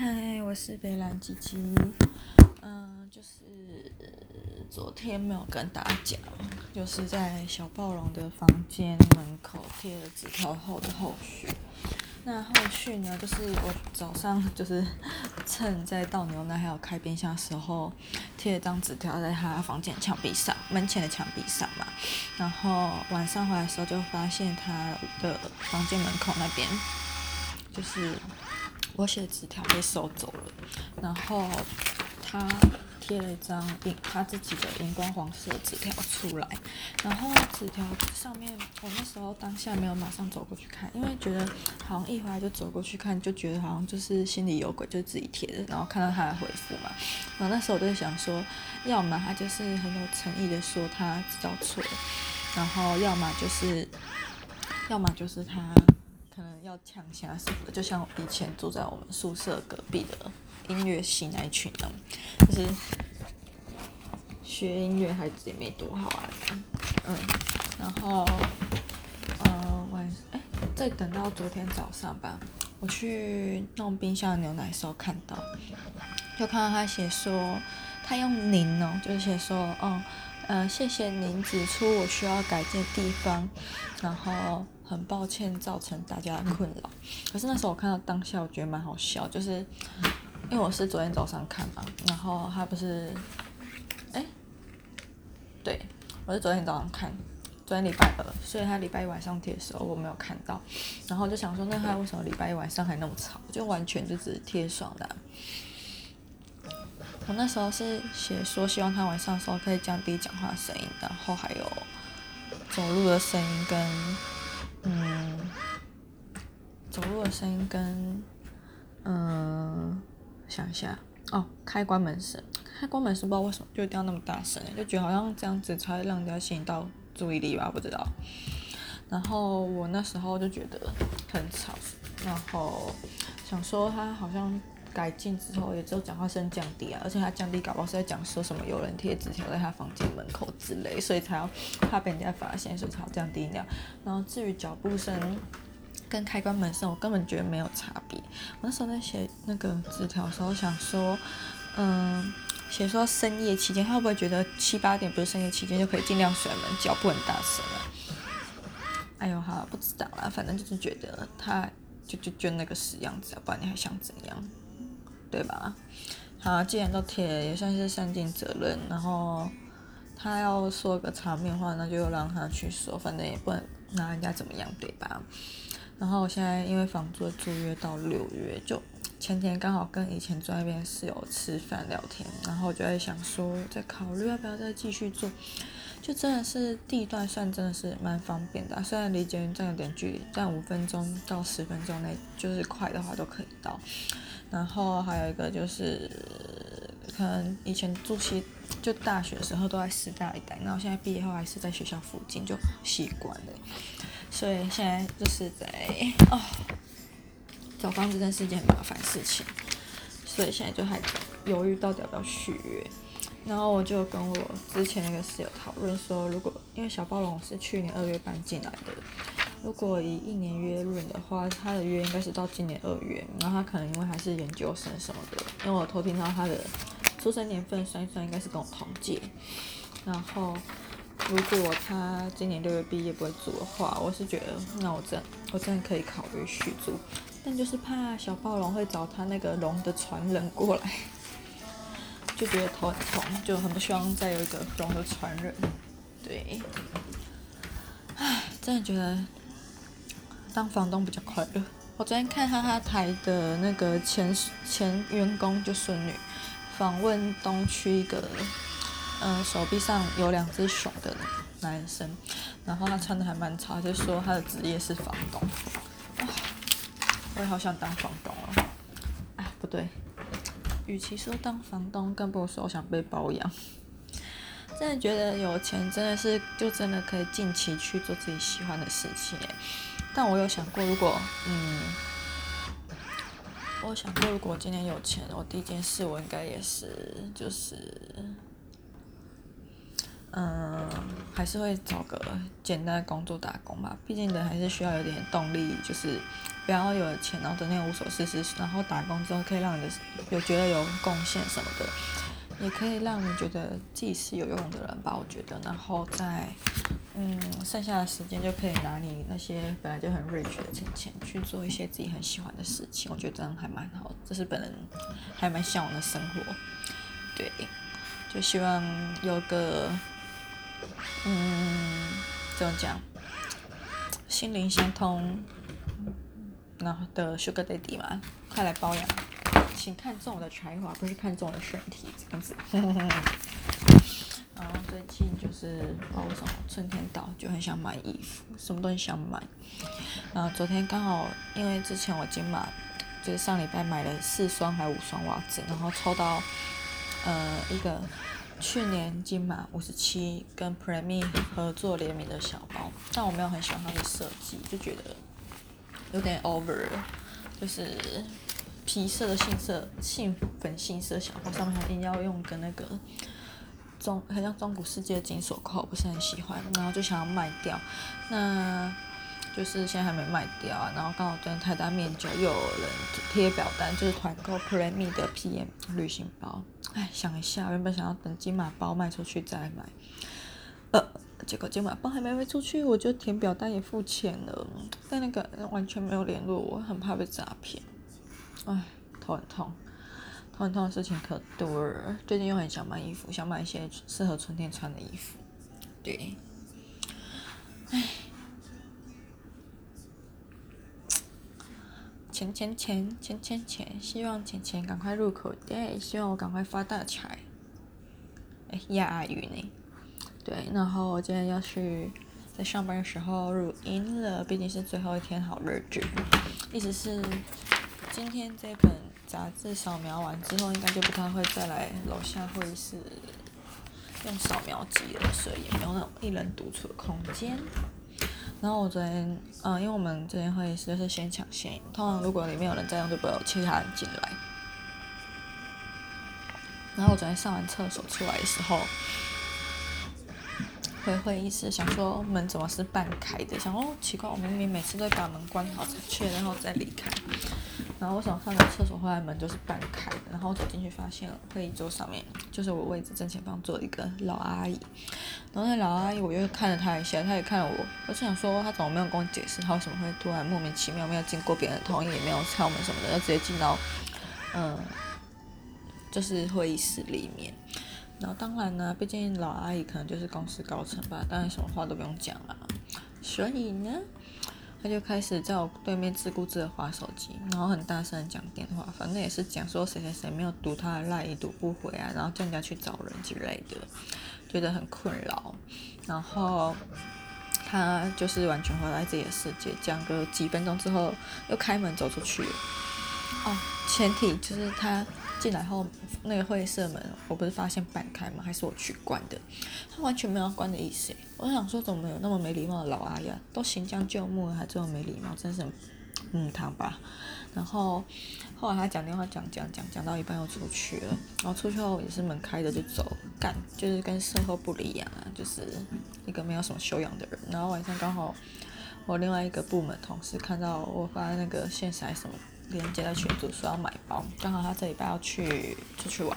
嗨，我是北藍姐姐。嗯，就是昨天沒有跟大家講，就是在小暴龍的房間門口貼了紙條後的後續。那後續呢，就是我早上就是趁在倒牛奶還有開冰箱的時候，貼了張紙條在他房間牆壁上，門前的牆壁上嘛。然後晚上回來的時候就發現他的房間門口那邊就是。我寫的紙條被收走了，然後他貼了一張螢他自己的熒光黃色紙條出來，然後紙條上面，我那時候當下沒有馬上走過去看，因為覺得好像一回來就走過去看，就覺得好像就是心裡有鬼，就自己貼的，然後看到他的回覆嘛，然後那時候我就想說，要麼他就是很有誠意的說他知道錯了，然後要麼就是，要麼就是他。可能要搶蝦什麼的，就像我以前住在我們宿舍隔壁的音樂系那群呢、喔，就是學音樂，孩子也沒多好啊。嗯，然後，嗯、呃，我誒、欸，再等到昨天早上吧，我去弄冰箱的牛奶的時候看到，就看到他寫說他用您哦、喔，就是寫說，嗯、哦，呃，謝謝您指出我需要改進的地方，然後。很抱歉造成大家的困擾。嗯，可是那時候我看到當下，我覺得蠻好笑的，就是因為我是昨天早上看嘛，然後他不是，哎欸，對，我是昨天早上看，昨天禮拜二，所以他禮拜一晚上貼的時候我沒有看到，然後就想說，那他為什麼禮拜一晚上還那麼吵？就完全就只是貼爽的啊。我那時候是寫說希望他晚上的時候可以降低講話的聲音，然後還有走路的聲音跟。嗯，走路的聲音跟嗯、呃，想一下哦，開關門聲，開關門聲不知道為什麼就掉那麼大聲，就覺得好像這樣子才讓人家吸引到注意力吧，不知道。然後我那時候就覺得很吵，然後想說他好像。改進之後也只有講話聲降低啊，而且他降低搞不好是在講說什麼有人貼紙條在他房間門口之類，所以才要怕被人家發現，所以才要降低一點。然後至於腳步聲跟開關門聲，我根本覺得沒有差別。我那時候在寫那個紙條的時候我想說，嗯，寫說深夜期間他會不會覺得七八點不是深夜期間就可以盡量甩門，腳步很大聲啊？哎呦哈，不知道啦，反正就是覺得他就就就那個死樣子啊，不然你還想怎樣？對吧？好，既然都貼，也算是善盡責任。然後他要說個場面話，那就讓他去說，反正也不能拿人家怎麼樣，對吧？然後我現在因為房租租約到六月，就前天剛好跟以前住那邊室友吃飯聊天，然後我就在想說，再考慮要不要再繼續住。就真的是地段算真的是蠻方便的啊，雖然離捷運站有點距離，但五分鐘到十分鐘內就是快的話都可以到。然後還有一個就是，可能以前住期就大學的時候都在師大一帶，然後現在畢業後還是在學校附近，就習慣了。所以現在就是在哦，找房子真是一件事情很麻煩事情，所以現在就還猶豫到底要不要續約。然後我就跟我之前那個室友討論說，如果因為小暴龍是去年二月搬進來的。如果以一年約論的話，他的約應該是到今年二月。然後他可能因為還是研究生什麼的，因為我偷聽到他的出生年份算一算，應該是跟我同屆。然後如果他今年六月畢業不會租的話，我是覺得，那我真我真的可以考慮續租。但就是怕小暴龍會找他那個龍的傳人過來，就覺得頭很痛，就很不希望再有一個龍的傳人。對，唉，真的覺得。當房東比較快樂。我昨天看哈哈台的那個前前員工就孫女訪問東區一個，嗯、呃，手臂上有兩隻熊的男生，然後他穿的還蠻潮，就說他的職業是房東。哇、哦，我也好想當房東哦！唉，不對，與其說當房東，更不如說我想被包養。真的覺得有錢真的是就真的可以盡情去做自己喜歡的事情誒。但我有想過，如果嗯，我想過如果今天有錢，我第一件事我應該也是就是，嗯，還是會找個簡單工作打工吧。畢竟人還是需要有點動力，就是不要有錢然後整天無所事事。然後打工之後可以讓你的有覺得有貢獻什麼的。也可以讓你覺得自己是有用的人吧，我覺得。然後在，嗯，剩下的時間就可以拿你那些本來就很 rich 的錢錢，去做一些自己很喜歡的事情，我覺得這樣還蠻好。這是本人還蠻向往的生活。對，就希望有個，嗯，怎麼講，心靈相通，然後的 sugar daddy 嘛，快來包養。看中我的才華，不是看中我的身體，這樣子。 然後最近就是，包括麼春天到就很想買衣服，什麼東西想買？然後昨天剛好因為之前我金馬就是上禮拜買了四雙還五雙襪子，然後抽到呃一個去年金馬五十七跟 Premi 合作聯名的小包，但我沒有很喜歡它的設計，就覺得有點 over 了，就是。皮色的杏色、杏粉杏色小包，上面還一定要用個那個中，好像中古世界的金鎖扣，我不是很喜歡的，然後就想要賣掉，那就是現在還沒賣掉啊，然後剛好昨天太大面交，又有人貼表單，就是團購 Premier 的 PM 旅行包，哎，想一下，原本想要等金馬包賣出去再買，呃，結果金馬包還沒賣出去，我就填表單也付錢了，但那個完全沒有聯絡，我很怕被詐騙。唉，頭很痛，頭很痛的事情可多了。最近又很想買衣服，想買一些適合春天穿的衣服。對，唉，錢錢錢錢錢錢，希望錢錢趕快入口袋，希望我趕快發大財。哎，亞宇呢？對，然後我今天要去在上班的時候錄音了，畢竟是最後一天好日子，意思是。今天這本雜誌掃描完之後，應該就不太會再來樓下會議室用掃描機了，所以也沒有那種一人獨處的空間。然後我昨天，嗯，因為我們這邊會議室是先搶先，通常如果裡面有人在用，就不會有其他人進來。然後我昨天上完廁所出來的時候，回會議室，想說門怎麼是半開的？想說哦，奇怪，我明明每次都會把門關好才去，然後再離開。然後我想上個廁所，後來門就是半開的。然後走進去，發現會議桌上面就是我位置正前方坐一個老阿姨。然後那老阿姨，我又看了她一下，她也看了我。我就想說，她怎麼沒有跟我解釋？她為什麼會突然莫名其妙，沒有經過別人的同意，也沒有敲門什麼的，就直接進到嗯，就是會議室裡面。然後當然呢，畢竟老阿姨可能就是公司高層吧，當然什麼話都不用講了。所以呢，他就開始在我對面自顧自的滑手機，然後很大聲地講電話，反正也是講說誰誰誰沒有讀他的賴，已讀不回啊，然後叫人家去找人之類的，覺得很困擾。然後他就是完全回來自己的世界，講個幾分鐘之後，又開門走出去。哦，前提就是他進來後，那個會社門我不是發現半開嗎？還是我去關的？他完全沒有關的意思。我想說，怎麼有那麼沒禮貌的老阿姨？都行將就木了，還這麼沒禮貌，真是很嗯，他吧？然後後來他講電話講講講講到一半又出去了，然後出去後也是門開着就走，幹，就是跟社後不離啊，就是一個沒有什麼修養的人。然後晚上剛好我另外一個部門同事看到我發那個線，彩什麼。連接到群主說要買包，剛好他這禮拜要去出去玩，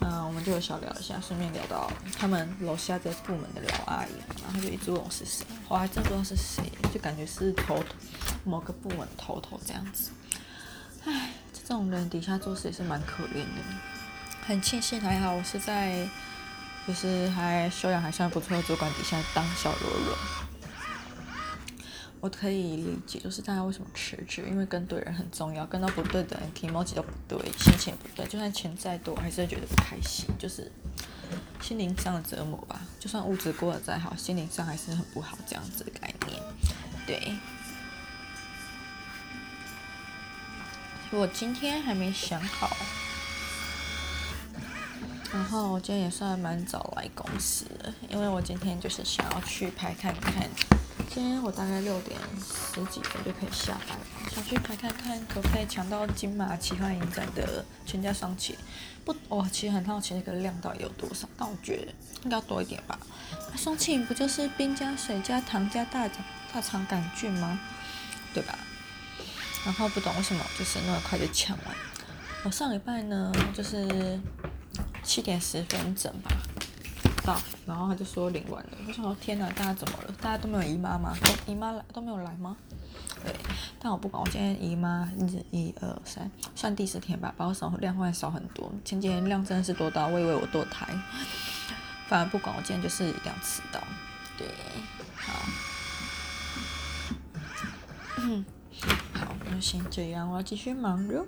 嗯、呃，我們就有小聊一下，順便聊到他們樓下這個部門的老阿姨，然後他就一直問我是誰，我還真不知道是誰，就感覺是頭某個部門頭頭這樣子。唉，這種人底下做事也是蠻可憐的，很慶幸還好我是在就是還修養還算不錯的主管底下當小囉囉。我可以理解，就是大家為什麼辭職，因為跟對人很重要，跟到不對的人，情緒 都不對，心情不對，就算錢再多，還是會覺得不開心，就是心靈上的折磨吧。就算物質過得再好，心靈上還是很不好，這樣子的概念。對，我今天還沒想好。然後我今天也算蠻早來公司，因為我今天就是想要去拍看看。今天我大概六點十幾分就可以下班了，想去排看看可不可以搶到金馬奇幻影展的全家雙慶。不，我其實很好奇那個量到底有多少，但我覺得應該要多一點吧。雙、啊、慶不就是冰加水加糖加大腸大腸桿菌嗎？對吧？然後不懂為什麼就是那麼快就搶完。我、哦、上禮拜呢，就是七點十分整吧。到，然後他就說，領完了。我說天哪，大家怎麼了？大家都沒有姨媽嗎、哦？姨媽來都沒有來嗎？對，但我不管，我今天姨媽日一二三，1, 2, 3, 算第四天吧，比我少量會少很多。今天量真的是多到我以為我多胎，反而不管，我今天就是一定要遲到。對，好，嗯，好，那先這樣，我要繼續忙了。